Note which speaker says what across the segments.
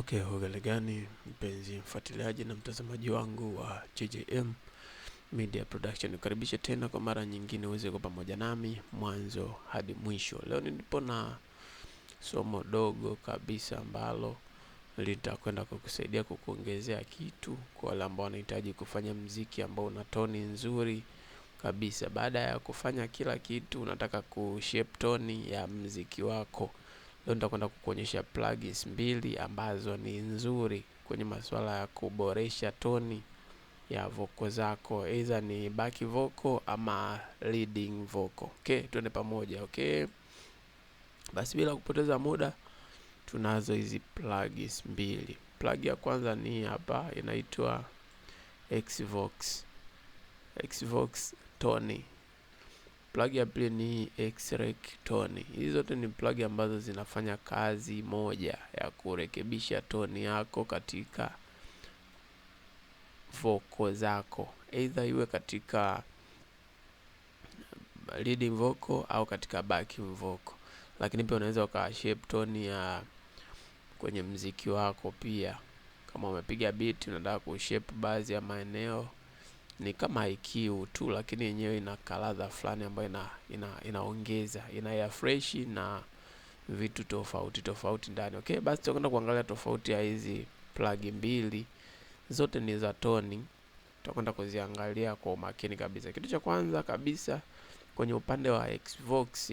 Speaker 1: Okay, hugale gani mpenzi mfuatiliaji na mtazamaji wangu wa JJM Media Production, nikukaribishe tena kwa mara nyingine uweze kuwa pamoja nami mwanzo hadi mwisho. Leo nipo na somo dogo kabisa ambalo litakwenda kukusaidia kukuongezea kitu kwa wale ambao wanahitaji kufanya mziki ambao una toni nzuri kabisa. Baada ya kufanya kila kitu, unataka kushape toni ya mziki wako Leo nitakwenda kukuonyesha plugins mbili ambazo ni nzuri kwenye masuala ya kuboresha toni ya voko zako, aidha ni back voko ama leading voko. Okay, twende pamoja. Okay, basi bila kupoteza muda tunazo hizi plugins mbili. Plug ya kwanza ni hapa, inaitwa Xvox Xvox Tony. Plug ya pili ni extract tone. Hizi zote ni plug ambazo zinafanya kazi moja ya kurekebisha toni yako katika voko zako, either iwe katika leading vocal au katika backing vocal, lakini pia unaweza uka shape tone ya kwenye mziki wako pia. Kama umepiga beat unataka kushape baadhi ya maeneo ni kama IQ tu, lakini yenyewe ina kaladha fulani ambayo ina ina inaongeza ina fresh na vitu tofauti tofauti ndani. Okay, basi tutakwenda kuangalia tofauti ya hizi plug mbili, zote ni za Tony. Tutakwenda kuziangalia kwa umakini kabisa. Kitu cha kwanza kabisa kwenye upande wa Xbox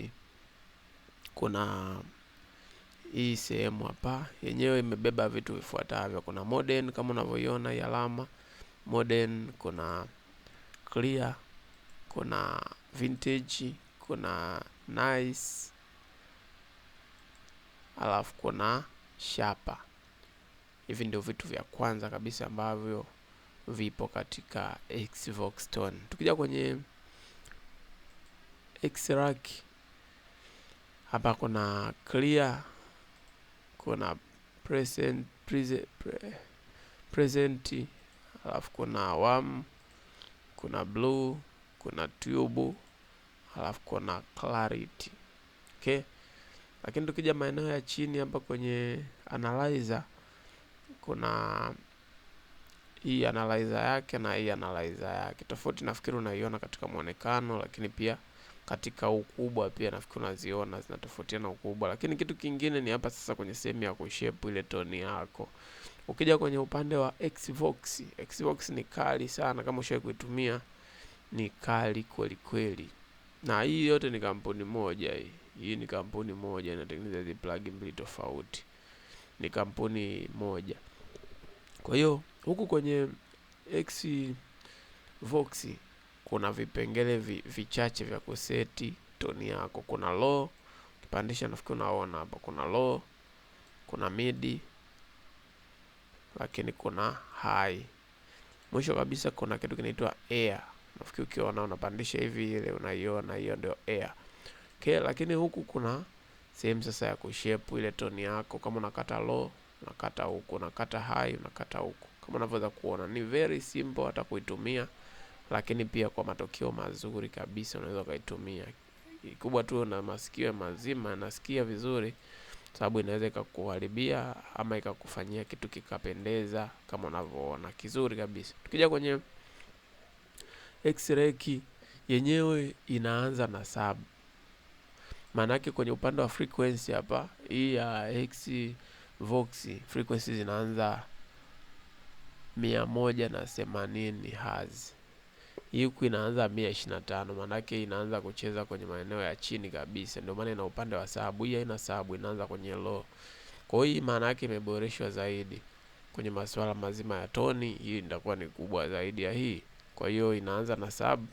Speaker 1: kuna hii sehemu hapa, yenyewe imebeba vitu vifuatavyo. Kuna modem kama unavyoiona hii alama modem, kuna clear, kuna vintage, kuna nice, alafu kuna shapa. Hivi ndio vitu vya kwanza kabisa ambavyo vipo katika Xvox Tone. Tukija kwenye Xrack hapa kuna clear, kuna present, present, present, alafu kuna warm kuna blue, kuna tube, halafu kuna clarity. Okay? Lakini tukija maeneo ya chini hapa kwenye analyzer kuna hii analyzer yake na hii analyzer yake. Tofauti nafikiri unaiona katika mwonekano, lakini pia katika ukubwa pia nafikiri unaziona zinatofautiana ukubwa. Lakini kitu kingine ni hapa sasa kwenye sehemu ya kushape ile toni yako. Ukija kwenye upande wa Xbox, Xbox ni kali sana, kama ushawahi kuitumia ni kali kweli kweli, na hii yote ni kampuni moja hii. Hii ni kampuni moja inatengeneza hizi plug mbili tofauti, ni kampuni moja. Kwa hiyo huku kwenye Xbox kuna vipengele vi, vichache vya kuseti toni yako. Kuna low, ukipandisha nafikiri unaona hapa, kuna low, kuna midi lakini kuna high. Mwisho kabisa kuna kitu kinaitwa air. Nafikiri ukiona unapandisha hivi, ile unaiona hiyo ndio air. Okay, lakini huku kuna sehemu sasa ya kushape ile toni yako. Kama unakata low, unakata huku, unakata high, unakata huku. Kama unavyoweza kuona ni very simple hata kuitumia, lakini pia kwa matokeo mazuri kabisa unaweza ukaitumia. Kikubwa tu na masikio mazima, nasikia vizuri sababu inaweza ikakuharibia ama ikakufanyia kitu kikapendeza kama unavyoona kizuri kabisa. Tukija kwenye x-ray ki yenyewe inaanza na sub, maanake kwenye upande wa frequency hapa hii ya x vox frequency zinaanza mia moja na themanini hertz hii huku inaanza mia ishirini na tano maanake inaanza kucheza kwenye maeneo ya chini kabisa, ndio maana ina upande wa sabu. Hii haina sabu, inaanza kwenye low. Kwa hiyo maana yake imeboreshwa zaidi kwenye masuala mazima ya toni, hii itakuwa ni kubwa zaidi ya hii. Kwa hiyo inaanza na sub,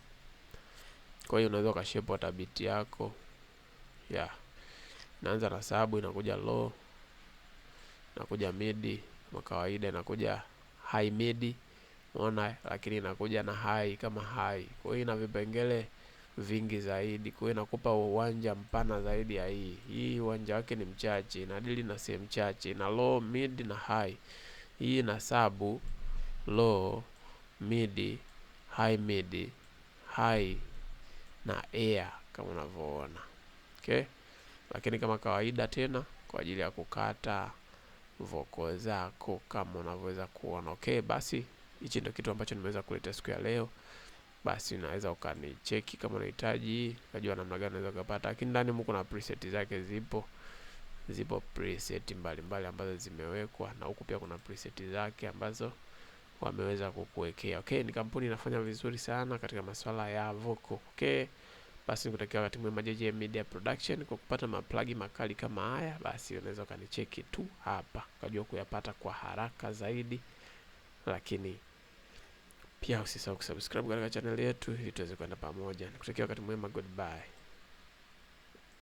Speaker 1: kwa hiyo unaweza ukashape hata biti yako yeah. Inaanza na sub, inakuja low, inakuja midi kwa kawaida, inakuja high midi Unaona, lakini inakuja na hai kama hai. Kwa hiyo ina vipengele vingi zaidi, kwa hiyo inakupa uwanja mpana zaidi ya hii. Hii uwanja wake ni mchache, dili na sehemu chache, ina low, mid na high. Hii ina sub, low, mid, high mid, high na air kama unavyoona. Okay? Lakini kama kawaida tena kwa ajili ya kukata voko zako kama unavyoweza kuona. Okay, basi hichi ndio kitu ambacho nimeweza kuleta siku ya leo. Basi unaweza ukanicheki kama unahitaji, unajua namna gani unaweza kupata, lakini ndani huko na preset zake zipo zipo preset mbalimbali mbali ambazo zimewekwa na huku pia kuna preset zake ambazo wameweza kukuwekea. Okay, ni kampuni inafanya vizuri sana katika masuala ya vocal. Okay, basi nikutakia wakati mwema JJ Media Production. Kwa kupata maplagi makali kama haya, basi unaweza ukanicheki tu hapa ukajua kuyapata kwa haraka zaidi, lakini pia usisahau kusubscribe katika channel yetu ili tuweze kwenda pamoja. Nikutakia wakati mwema, goodbye.